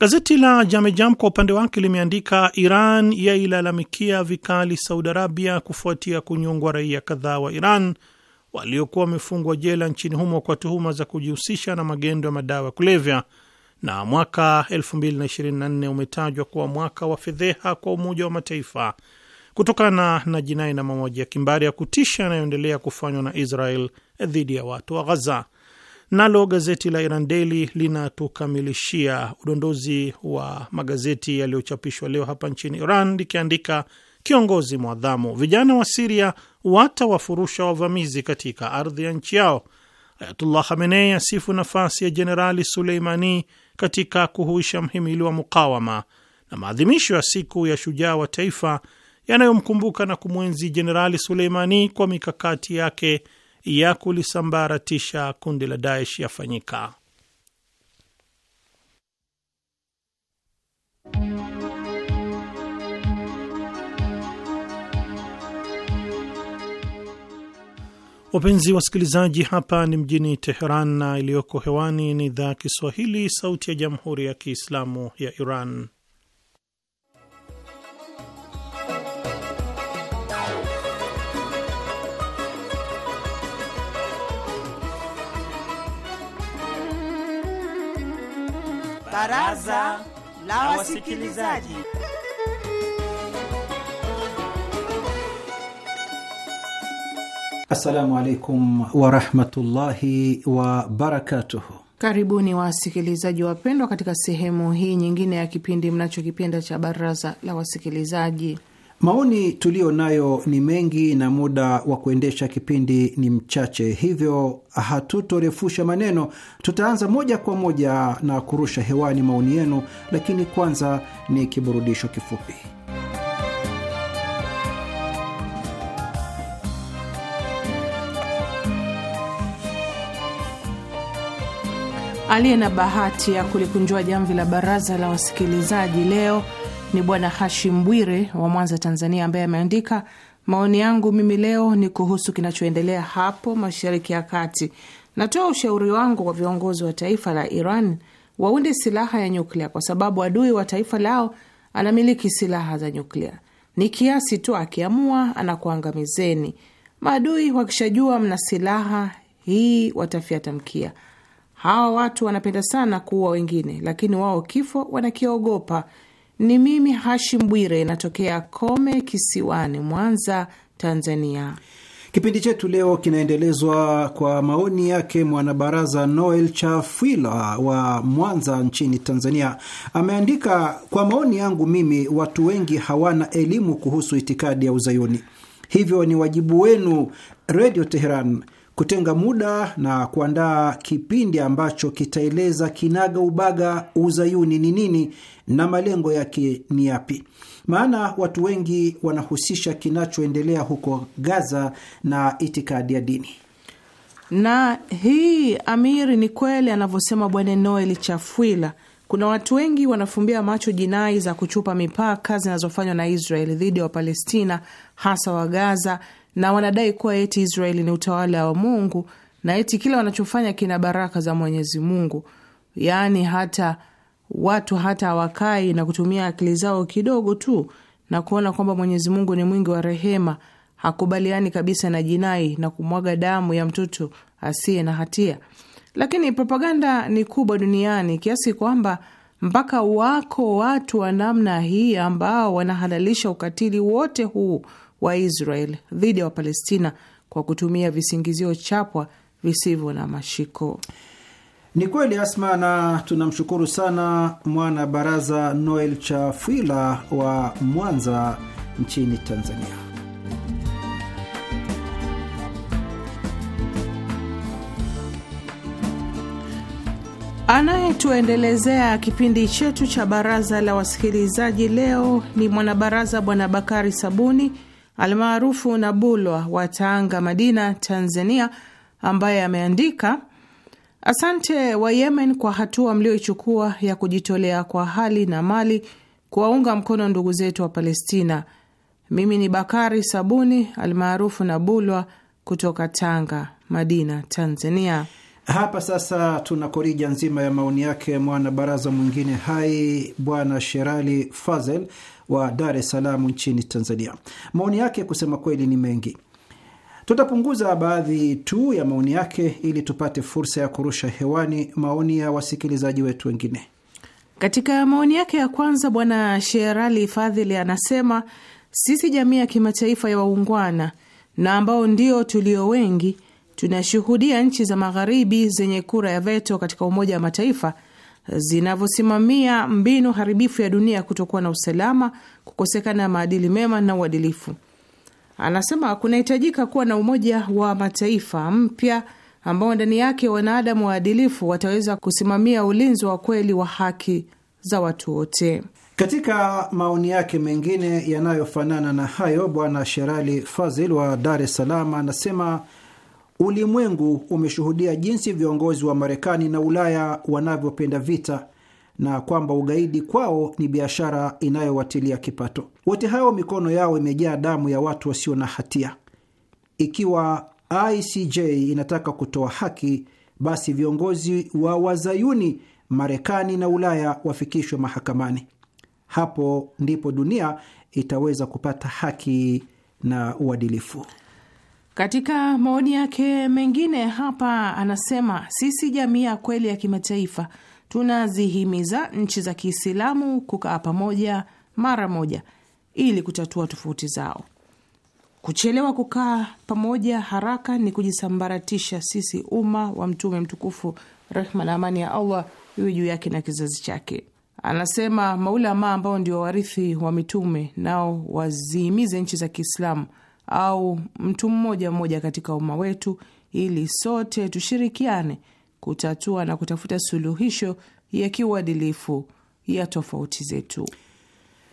Gazeti la Jamejam kwa upande wake limeandika Iran yailalamikia vikali Saudi Arabia kufuatia kunyongwa raia kadhaa wa Iran waliokuwa wamefungwa jela nchini humo kwa tuhuma za kujihusisha na magendo ya madawa ya kulevya. Na mwaka 2024 umetajwa kuwa mwaka wa fedheha kwa Umoja wa Mataifa kutokana na jinai na mauaji ya kimbari ya kutisha yanayoendelea kufanywa na Israel dhidi ya watu wa Ghaza. Nalo gazeti la Iran Daily linatukamilishia udondozi wa magazeti yaliyochapishwa leo hapa nchini Iran likiandika Kiongozi mwadhamu, vijana wa Siria watawafurusha wavamizi katika ardhi ya nchi yao. Ayatullah Khamenei asifu nafasi ya Jenerali Suleimani katika kuhuisha mhimili wa mukawama. Na maadhimisho ya siku ya shujaa wa taifa yanayomkumbuka na kumwenzi Jenerali Suleimani kwa mikakati yake ya kulisambaratisha kundi la Daesh yafanyika. Wapenzi wasikilizaji, hapa ni mjini Teheran na iliyoko hewani ni idhaa ya Kiswahili, Sauti ya Jamhuri ya Kiislamu ya Iran. Baraza la Wasikilizaji. Assalamu alaikum warahmatullahi wabarakatuh. Karibuni wasikilizaji wapendwa, katika sehemu hii nyingine ya kipindi mnachokipenda cha Baraza la Wasikilizaji. Maoni tuliyo nayo ni mengi na muda wa kuendesha kipindi ni mchache, hivyo hatutorefusha maneno. Tutaanza moja kwa moja na kurusha hewani maoni yenu, lakini kwanza ni kiburudisho kifupi. Aliye na bahati ya kulikunjua jamvi la baraza la wasikilizaji leo ni Bwana Hashim Bwire wa Mwanza, Tanzania, ambaye ameandika maoni yangu mimi leo ni kuhusu kinachoendelea hapo Mashariki ya Kati. Natoa ushauri wangu kwa viongozi wa taifa la Iran waunde silaha ya nyuklia, kwa sababu adui wa taifa lao anamiliki silaha za nyuklia. Ni kiasi tu, akiamua anakuangamizeni. Maadui wakishajua mna silaha hii, watafyata mkia. Hawa watu wanapenda sana kuua wengine, lakini wao kifo wanakiogopa. Ni mimi Hashim Bwire, natokea Kome Kisiwani, Mwanza, Tanzania. Kipindi chetu leo kinaendelezwa kwa maoni yake mwanabaraza Noel Chafwila wa Mwanza nchini Tanzania. Ameandika, kwa maoni yangu mimi, watu wengi hawana elimu kuhusu itikadi ya Uzayuni, hivyo ni wajibu wenu, Redio Teheran, kutenga muda na kuandaa kipindi ambacho kitaeleza kinaga ubaga uzayuni ni nini na malengo yake ni yapi. Maana watu wengi wanahusisha kinachoendelea huko Gaza na itikadi ya dini. Na hii amir ni kweli anavyosema Bwana Noel Chafwila, kuna watu wengi wanafumbia macho jinai za kuchupa mipaka zinazofanywa na Israeli dhidi ya Wapalestina, hasa wa Gaza na wanadai kuwa eti Israeli ni utawala wa Mungu na eti kila wanachofanya kina baraka za Mwenyezi Mungu, yaani hata watu hata hawakai na kutumia akili zao kidogo tu na kuona kwamba Mwenyezi Mungu ni mwingi wa rehema, hakubaliani kabisa na jinai na kumwaga damu ya mtoto asiye na hatia. Lakini propaganda ni kubwa duniani kiasi kwamba mpaka wako watu wa namna hii ambao wanahalalisha ukatili wote huu wa Israel dhidi ya Wapalestina kwa kutumia visingizio chapwa visivyo na mashiko. Ni kweli Asma, na tunamshukuru sana mwana baraza Noel Chafwila wa Mwanza nchini Tanzania. Anayetuendelezea kipindi chetu cha baraza la wasikilizaji leo ni mwanabaraza Bwana Bakari Sabuni almaarufu na Bulwa wa Tanga, Madina, Tanzania, ambaye ameandika asante wa Yemen kwa hatua mlioichukua ya kujitolea kwa hali na mali kuwaunga mkono ndugu zetu wa Palestina. Mimi ni Bakari Sabuni almaarufu na Bulwa kutoka Tanga, Madina, Tanzania. Hapa sasa tuna korija nzima ya maoni yake mwanabaraza mwingine hai Bwana Sherali Fazel wa Dar es Salaam nchini Tanzania. Maoni yake kusema kweli ni mengi, tutapunguza baadhi tu ya maoni yake ili tupate fursa ya kurusha hewani maoni ya wasikilizaji wetu wengine. Katika maoni yake ya kwanza, Bwana Sherali Fadhili anasema sisi jamii ya kimataifa ya waungwana na ambao ndio tulio wengi tunashuhudia nchi za magharibi zenye kura ya veto katika Umoja wa Mataifa zinavyosimamia mbinu haribifu ya dunia kutokuwa na usalama, kukosekana maadili mema na uadilifu. Anasema kunahitajika kuwa na Umoja wa Mataifa mpya ambao ndani yake wanadamu waadilifu wataweza kusimamia ulinzi wa kweli wa haki za watu wote. Katika maoni yake mengine yanayofanana na hayo, Bwana Sherali Fazil wa Dar es Salaam anasema Ulimwengu umeshuhudia jinsi viongozi wa Marekani na Ulaya wanavyopenda vita na kwamba ugaidi kwao ni biashara inayowatilia kipato. Wote hao mikono yao imejaa damu ya watu wasio na hatia. Ikiwa ICJ inataka kutoa haki, basi viongozi wa wazayuni Marekani na Ulaya wafikishwe mahakamani. Hapo ndipo dunia itaweza kupata haki na uadilifu. Katika maoni yake mengine hapa anasema, sisi jamii ya kweli ya kimataifa tunazihimiza nchi za Kiislamu kukaa pamoja mara moja ili kutatua tofauti zao. Kuchelewa kukaa pamoja haraka ni kujisambaratisha sisi umma wa Mtume mtukufu, rehma na amani ya Allah iwe juu yake na kizazi chake. Anasema maulama ambao ndio warithi wa mitume nao wazihimize nchi za Kiislamu au mtu mmoja mmoja katika umma wetu, ili sote tushirikiane kutatua na kutafuta suluhisho ya kiuadilifu ya tofauti zetu.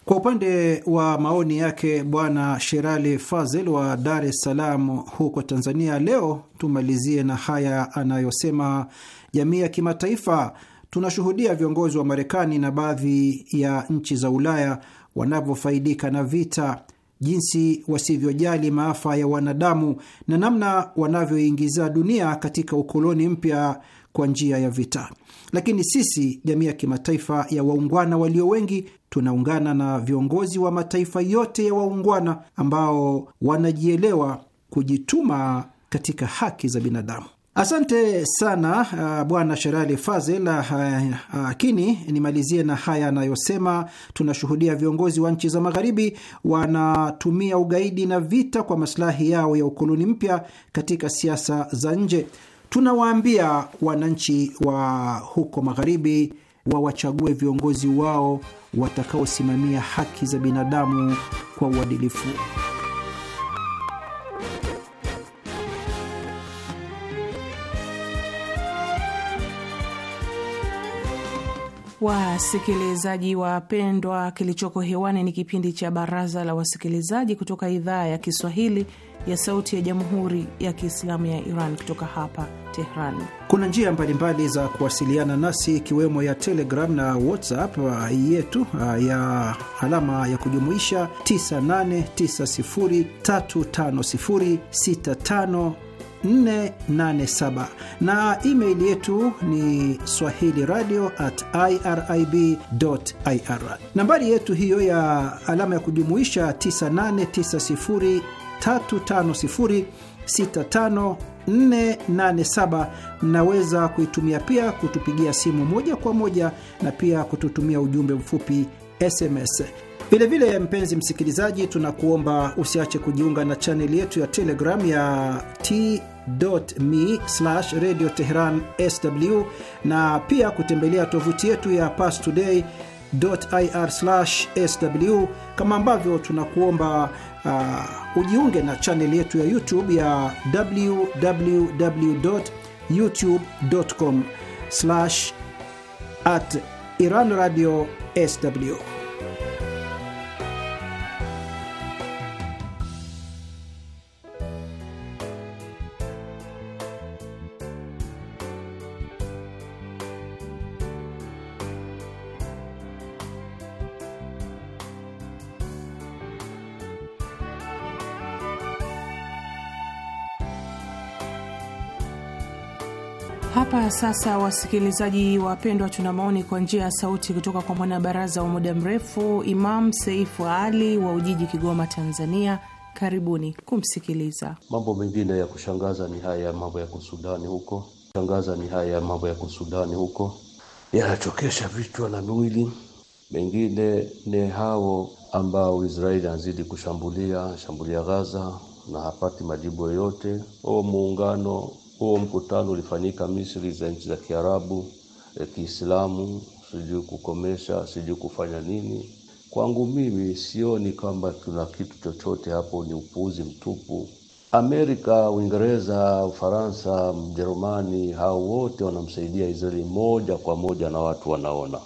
Kwa upande wa maoni yake Bwana Sherali Fazel wa Dar es Salaam huko Tanzania, leo tumalizie na haya anayosema: jamii ya kimataifa, tunashuhudia viongozi wa Marekani na baadhi ya nchi za Ulaya wanavyofaidika na vita jinsi wasivyojali maafa ya wanadamu na namna wanavyoingiza dunia katika ukoloni mpya kwa njia ya vita. Lakini sisi, jamii ya kimataifa ya waungwana walio wengi, tunaungana na viongozi wa mataifa yote ya waungwana ambao wanajielewa kujituma katika haki za binadamu. Asante sana uh, Bwana Sherali Fazel. Lakini uh, uh, nimalizie na haya anayosema: tunashuhudia viongozi wa nchi za Magharibi wanatumia ugaidi na vita kwa masilahi yao ya ukoloni mpya katika siasa za nje. Tunawaambia wananchi wa huko Magharibi wawachague viongozi wao watakaosimamia haki za binadamu kwa uadilifu. Wasikilizaji wapendwa, kilichoko hewani ni kipindi cha Baraza la Wasikilizaji kutoka idhaa ya Kiswahili ya Sauti ya Jamhuri ya Kiislamu ya Iran kutoka hapa Tehran. Kuna njia mbalimbali za kuwasiliana nasi ikiwemo ya Telegram na WhatsApp uh, yetu uh, ya alama ya kujumuisha 9890350654 487 na email yetu ni swahili radio at irib ir. Nambari yetu hiyo ya alama ya kujumuisha 989035065487 mnaweza kuitumia pia kutupigia simu moja kwa moja na pia kututumia ujumbe mfupi SMS. Vilevile mpenzi msikilizaji, tunakuomba usiache kujiunga na chaneli yetu ya Telegram ya me radio Tehran sw na pia kutembelea tovuti yetu ya Pastoday sw, kama ambavyo tunakuomba uh, ujiunge na chaneli yetu ya YouTube ya www youtube Iran radio sw. Hapa sasa, wasikilizaji wapendwa, tuna maoni kwa njia ya sauti kutoka kwa mwanabaraza wa muda mrefu Imam Seifu Ali wa Ujiji, Kigoma, Tanzania. Karibuni kumsikiliza. Mambo mengine ya kushangaza ni haya ya mambo yako Sudani huko, shangaza ni haya ya mambo yako Sudani huko, yanachokesha vichwa na miwili. Mengine ni hao ambao Israeli anazidi kushambulia shambulia Gaza na hapati majibu yoyote. O muungano huo mkutano ulifanyika Misri za nchi za Kiarabu, e, Kiislamu, sijui kukomesha, sijui kufanya nini. Kwangu mimi sioni kwamba kuna kitu chochote hapo, ni upuuzi mtupu. Amerika, Uingereza, Ufaransa, Mjerumani, hao wote wanamsaidia Israeli moja kwa moja, na watu wanaona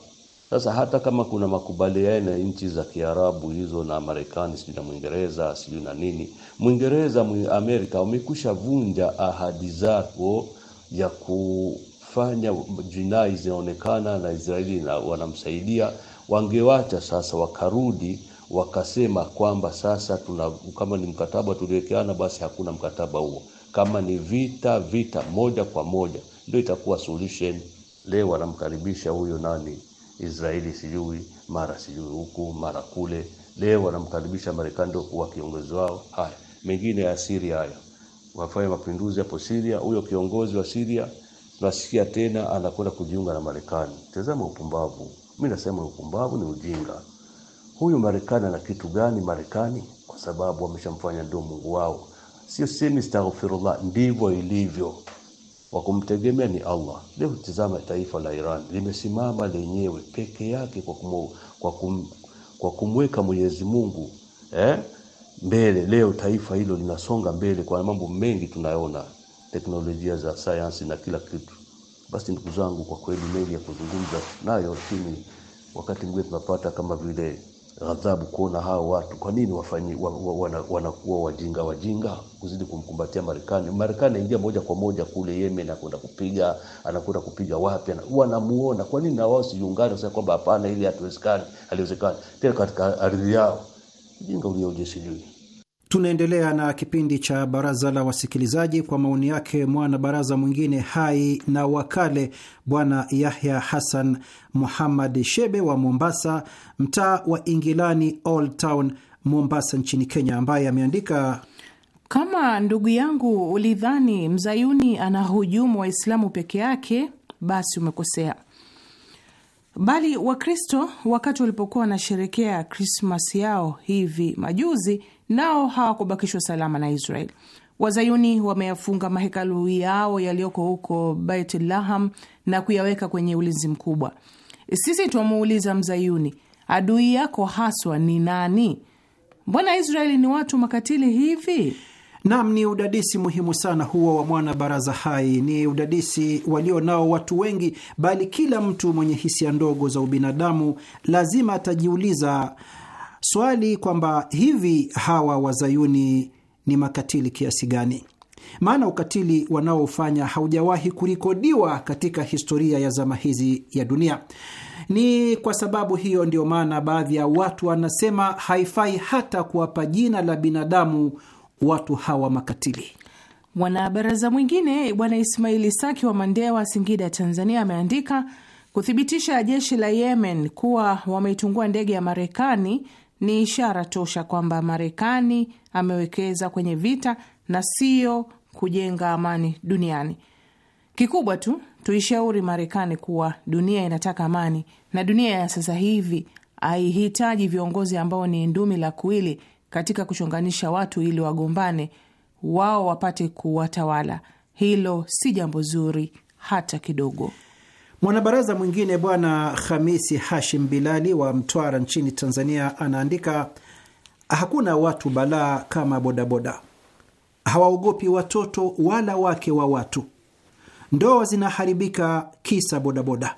sasa. Hata kama kuna makubaliano ya nchi za Kiarabu hizo na Marekani sijui na Mwingereza sijui na nini, Mwingereza Amerika wamekwisha vunja ahadi zao ya kufanya jinai zinaonekana na Israeli na wanamsaidia. Wangewacha sasa wakarudi wakasema kwamba sasa tuna, kama ni mkataba tuliwekeana, basi hakuna mkataba huo. Kama ni vita, vita moja kwa moja ndio itakuwa solution. Leo wanamkaribisha huyo nani Israeli, sijui mara sijui huku mara kule, leo wanamkaribisha Marekani ndio kuwa kiongozi wao. Haya mengine ya Syria haya. Wafanya mapinduzi hapo Syria, huyo kiongozi wa Syria tunasikia tena anakwenda kujiunga na Marekani. Tazama upumbavu. Mimi nasema upumbavu ni ujinga. Huyu Marekani ana kitu gani Marekani? Kwa sababu wameshamfanya ndio Mungu wao. Sio semi staghfirullah ndivyo ilivyo. Wa kumtegemea ni Allah. Leo tazama taifa la Iran limesimama lenyewe peke yake kwa kumu, kwa, kum, kwa kumweka Mwenyezi Mungu eh? mbele. Leo taifa hilo linasonga mbele kwa mambo mengi tunayoona, teknolojia za sayansi na kila kitu. Basi ndugu zangu, kwa kweli mengi ya kuzungumza nayo, lakini wakati mwingine tunapata kama vile ghadhabu kuona hao watu kwa nini wafanyi wanakuwa wa, wana wajinga wajinga kuzidi kumkumbatia Marekani. Marekani aingia moja kwa moja kule Yemen, anakwenda kupiga anakwenda kupiga wapi, wanamuona. Kwa nini na wao siungane sasa kwamba hapana, ili hatuwezekani, haliwezekani tena katika ardhi yao? Jinga ulioje sijui. Tunaendelea na kipindi cha baraza la wasikilizaji kwa maoni yake mwana baraza mwingine hai na wakale Bwana Yahya Hassan Muhammad Shebe wa Mombasa, mtaa wa Ingilani, Old Town, Mombasa nchini Kenya, ambaye ameandika kama ndugu yangu, ulidhani mzayuni anahujumu Waislamu peke yake, basi umekosea bali Wakristo wakati walipokuwa wanasherekea Krismas yao hivi majuzi nao hawakubakishwa salama na Israel. Wazayuni wameyafunga mahekalu yao yaliyoko huko Baitlaham na kuyaweka kwenye ulinzi mkubwa. Sisi twamuuliza mzayuni, adui yako haswa ni nani? Mbona Israeli ni watu makatili hivi? Nam, ni udadisi muhimu sana huo wa mwana baraza hai. Ni udadisi walio nao watu wengi, bali kila mtu mwenye hisia ndogo za ubinadamu lazima atajiuliza swali kwamba hivi hawa wazayuni ni makatili kiasi gani? Maana ukatili wanaofanya haujawahi kurikodiwa katika historia ya zama hizi ya dunia. Ni kwa sababu hiyo ndiyo maana baadhi ya watu wanasema haifai hata kuwapa jina la binadamu watu hawa makatili. Mwanabaraza mwingine Bwana Ismaili Saki wa Mandewa, Singida, Tanzania, ameandika kuthibitisha jeshi la Yemen kuwa wameitungua ndege ya Marekani ni ishara tosha kwamba Marekani amewekeza kwenye vita na siyo kujenga amani duniani. Kikubwa tu tuishauri Marekani kuwa dunia inataka amani, na dunia ya sasa hivi haihitaji viongozi ambao ni ndumi la kuili katika kuchonganisha watu ili wagombane, wao wapate kuwatawala. Hilo si jambo zuri hata kidogo. Mwanabaraza mwingine Bwana Hamisi Hashim Bilali wa Mtwara nchini Tanzania anaandika, hakuna watu balaa kama bodaboda, hawaogopi watoto wala wake wa watu. Ndoa zinaharibika kisa bodaboda.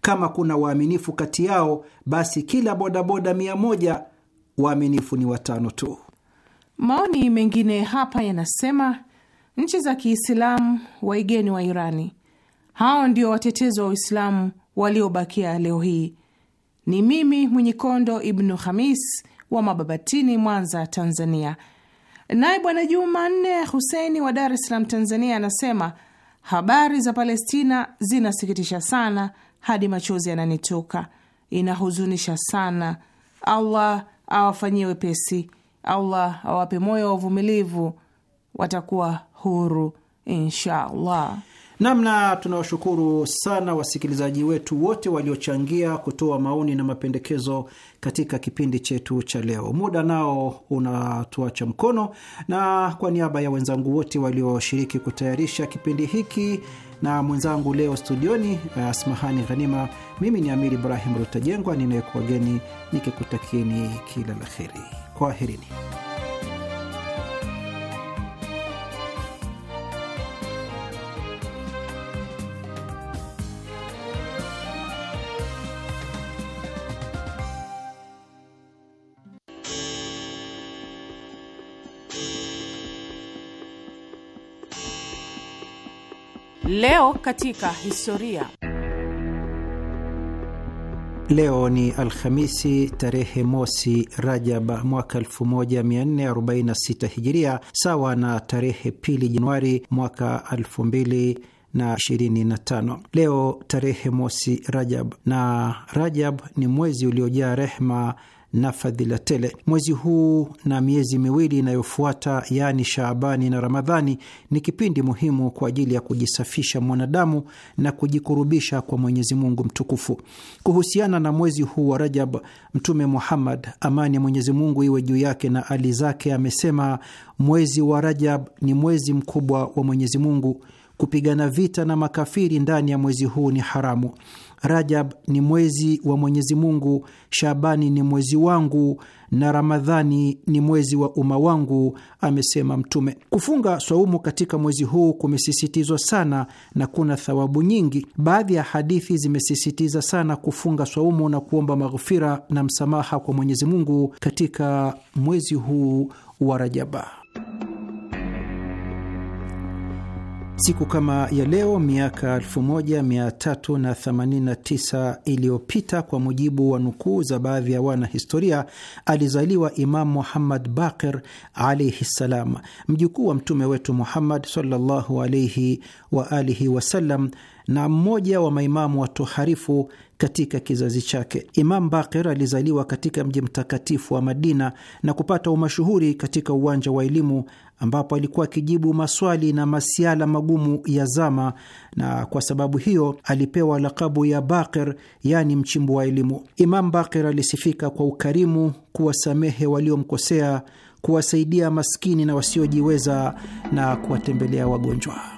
Kama kuna waaminifu kati yao, basi kila bodaboda mia moja waaminifu ni watano tu. Maoni mengine hapa yanasema nchi za Kiislamu waigeni wa Irani hao ndio watetezi wa Uislamu waliobakia leo hii. Ni mimi kondo Ibnu Khamis wa Mababatini, Mwanza, Tanzania. Naye Bwana Juma Nne Huseini wa Dar es Salaam, Tanzania, anasema habari za Palestina zinasikitisha sana, hadi machozi yananitoka. Inahuzunisha sana. Allah awafanyie wepesi, Allah awape moyo wa uvumilivu, watakuwa huru inshallah namna. Tunawashukuru sana wasikilizaji wetu wote waliochangia kutoa maoni na mapendekezo katika kipindi chetu cha leo. Muda nao unatuacha mkono, na kwa niaba ya wenzangu wote walioshiriki kutayarisha kipindi hiki na mwenzangu leo studioni eh, Asmahani Ghanima, mimi ni Amiri Ibrahim Rutajengwa ninayekuwageni nikikutakieni kila la heri. Kwaherini. Leo katika historia. Leo ni Alhamisi tarehe mosi Rajab mwaka 1446 Hijiria, sawa na tarehe pili Januari mwaka 2000 na 25. Leo tarehe mosi Rajab, na Rajab ni mwezi uliojaa rehma na fadhila tele. Mwezi huu na miezi miwili inayofuata, yaani Shaabani na Ramadhani, ni kipindi muhimu kwa ajili ya kujisafisha mwanadamu na kujikurubisha kwa Mwenyezi Mungu Mtukufu. Kuhusiana na mwezi huu wa Rajab, Mtume Muhammad, amani ya Mwenyezi Mungu iwe juu yake na ali zake, amesema, mwezi wa Rajab ni mwezi mkubwa wa Mwenyezi Mungu. Kupigana vita na makafiri ndani ya mwezi huu ni haramu. Rajab ni mwezi wa Mwenyezi Mungu, Shabani ni mwezi wangu na Ramadhani ni mwezi wa umma wangu, amesema Mtume. Kufunga swaumu katika mwezi huu kumesisitizwa sana na kuna thawabu nyingi. Baadhi ya hadithi zimesisitiza sana kufunga swaumu na kuomba maghfira na msamaha kwa Mwenyezi Mungu katika mwezi huu wa Rajaba. Siku kama ya leo miaka 1389 iliyopita, kwa mujibu wa nukuu za baadhi ya wanahistoria, alizaliwa imam Muhammad Baqir alaihi ssalam, mjukuu wa mtume wetu Muhammad sallallahu alaihi wa alihi wasallam na mmoja wa maimamu watoharifu katika kizazi chake. Imam Bakir alizaliwa katika mji mtakatifu wa Madina na kupata umashuhuri katika uwanja wa elimu ambapo alikuwa akijibu maswali na masiala magumu ya zama, na kwa sababu hiyo alipewa lakabu ya Bakir, yaani mchimbu wa elimu. Imam Bakir alisifika kwa ukarimu, kuwasamehe waliomkosea, kuwasaidia maskini na wasiojiweza na kuwatembelea wagonjwa.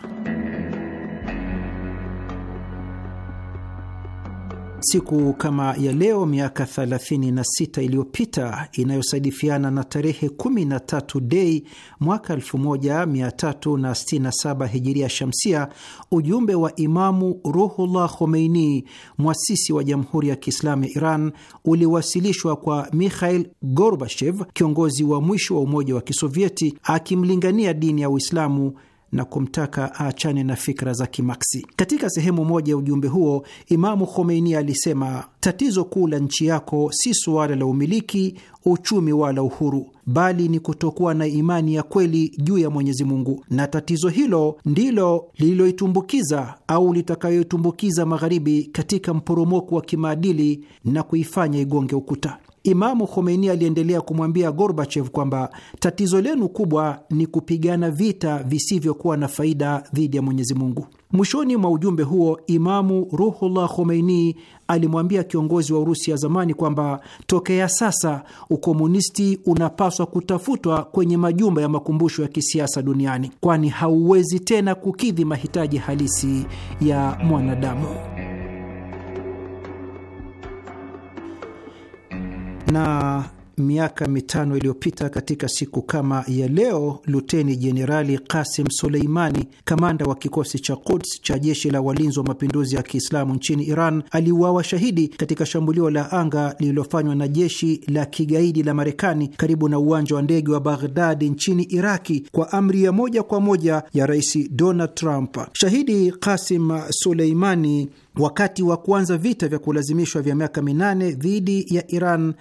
Siku kama ya leo miaka 36 iliyopita inayosadifiana na tarehe 13 Dei mwaka 1367 hijiria shamsia, ujumbe wa Imamu Ruhullah Khomeini, mwasisi wa Jamhuri ya Kiislamu ya Iran, uliwasilishwa kwa Mikhail Gorbachev, kiongozi wa mwisho wa Umoja wa Kisovyeti, akimlingania dini ya Uislamu na kumtaka aachane na fikra za Kimaksi. Katika sehemu moja ya ujumbe huo, Imamu Khomeini alisema, tatizo kuu la nchi yako si suala la umiliki, uchumi wala uhuru, bali ni kutokuwa na imani ya kweli juu ya Mwenyezi Mungu, na tatizo hilo ndilo lililoitumbukiza au litakayoitumbukiza Magharibi katika mporomoko wa kimaadili na kuifanya igonge ukuta. Imamu Khomeini aliendelea kumwambia Gorbachev kwamba tatizo lenu kubwa ni kupigana vita visivyokuwa na faida dhidi ya Mwenyezi Mungu. Mwishoni mwa ujumbe huo, Imamu Ruhullah Khomeini alimwambia kiongozi wa Urusi ya zamani kwamba tokea sasa ukomunisti unapaswa kutafutwa kwenye majumba ya makumbusho ya kisiasa duniani, kwani hauwezi tena kukidhi mahitaji halisi ya mwanadamu. na miaka mitano iliyopita katika siku kama ya leo, Luteni Jenerali Kasim Suleimani, kamanda wa kikosi cha Quds cha jeshi la walinzi wa mapinduzi ya Kiislamu nchini Iran, aliuawa shahidi katika shambulio la anga lililofanywa na jeshi la kigaidi la Marekani karibu na uwanja wa ndege wa Baghdadi nchini Iraki kwa amri ya moja kwa moja ya Rais Donald Trump. Shahidi Kasim Suleimani Wakati wa kuanza vita vya kulazimishwa vya miaka minane dhidi ya Iran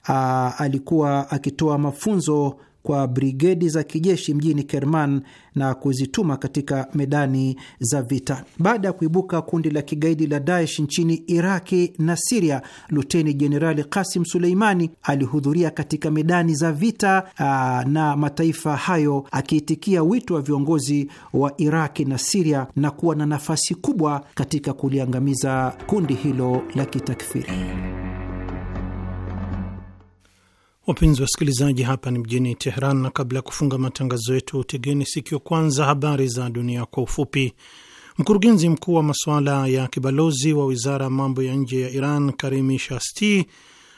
alikuwa akitoa mafunzo kwa brigedi za kijeshi mjini Kerman na kuzituma katika medani za vita. Baada ya kuibuka kundi la kigaidi la Daesh nchini Iraki na Siria, Luteni Jenerali Kasim Suleimani alihudhuria katika medani za vita aa, na mataifa hayo akiitikia wito wa viongozi wa Iraki na Siria na kuwa na nafasi kubwa katika kuliangamiza kundi hilo la kitakfiri. Wapenzi wasikilizaji, hapa ni mjini Teheran, na kabla ya kufunga matangazo yetu, tegeni sikio kwanza habari za dunia kwa ufupi. Mkurugenzi mkuu wa masuala ya kibalozi wa wizara ya mambo ya nje ya Iran Karimi Shasti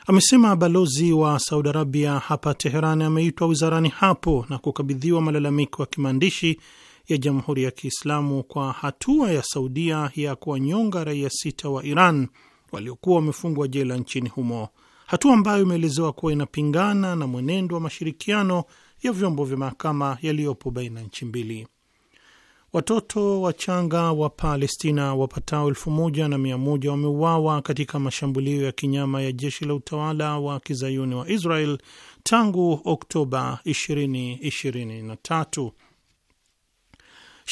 amesema balozi wa Saudi Arabia hapa Teheran ameitwa wizarani hapo na kukabidhiwa malalamiko ya kimaandishi ya Jamhuri ya Kiislamu kwa hatua ya Saudia ya kuwanyonga raia sita wa Iran waliokuwa wamefungwa jela nchini humo hatua ambayo imeelezewa kuwa inapingana na mwenendo wa mashirikiano ya vyombo vya mahakama yaliyopo baina ya nchi mbili. Watoto wachanga wa Palestina wapatao elfu moja na mia moja wameuawa katika mashambulio ya kinyama ya jeshi la utawala wa kizayuni wa Israel tangu Oktoba 2023.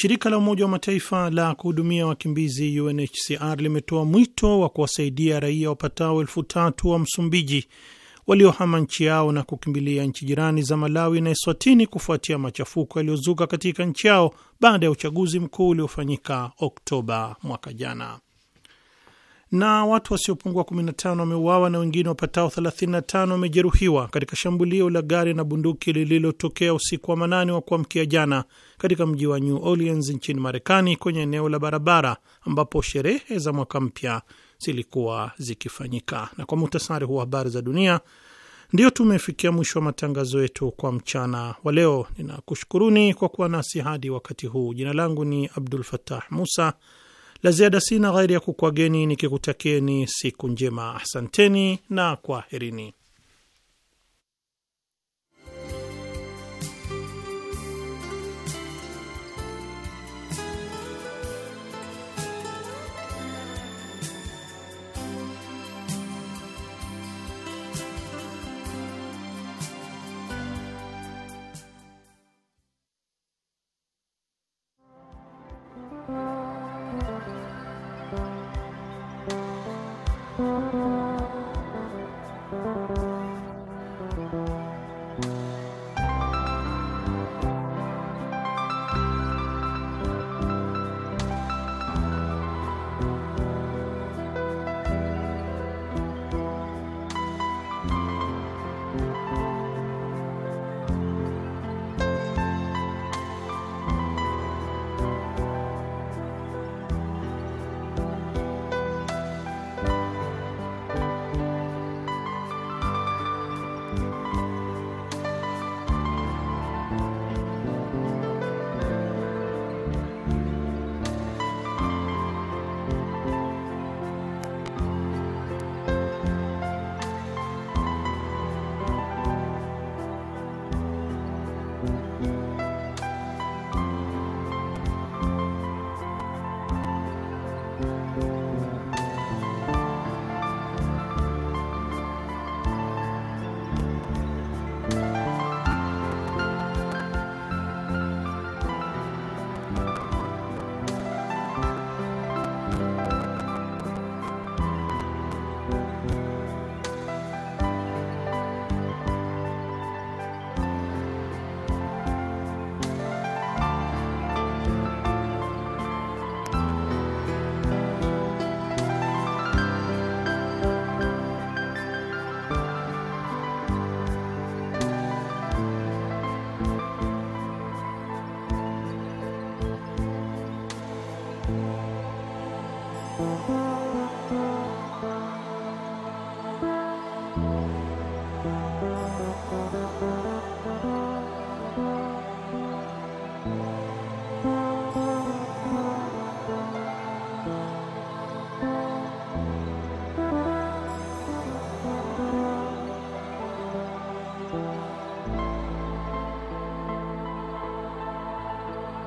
Shirika la Umoja wa Mataifa la kuhudumia wakimbizi UNHCR limetoa mwito wa kuwasaidia raia wapatao elfu tatu wa Msumbiji waliohama nchi yao na kukimbilia nchi jirani za Malawi na Eswatini kufuatia machafuko yaliyozuka katika nchi yao baada ya uchaguzi mkuu uliofanyika Oktoba mwaka jana na watu wasiopungua 15 wameuawa na wengine wapatao 35 wamejeruhiwa katika shambulio la gari na bunduki lililotokea usiku wa manane wa kuamkia jana katika mji wa New Orleans nchini Marekani, kwenye eneo la barabara ambapo sherehe za mwaka mpya zilikuwa zikifanyika. Na kwa muhtasari wa habari za dunia, ndiyo tumefikia mwisho wa matangazo yetu kwa mchana wa leo. Ninakushukuruni kwa kuwa nasi hadi wakati huu. Jina langu ni Abdul fatah Musa. La ziada sina ghairi ya kukwageni nikikutakieni siku njema. Asanteni na kwaherini.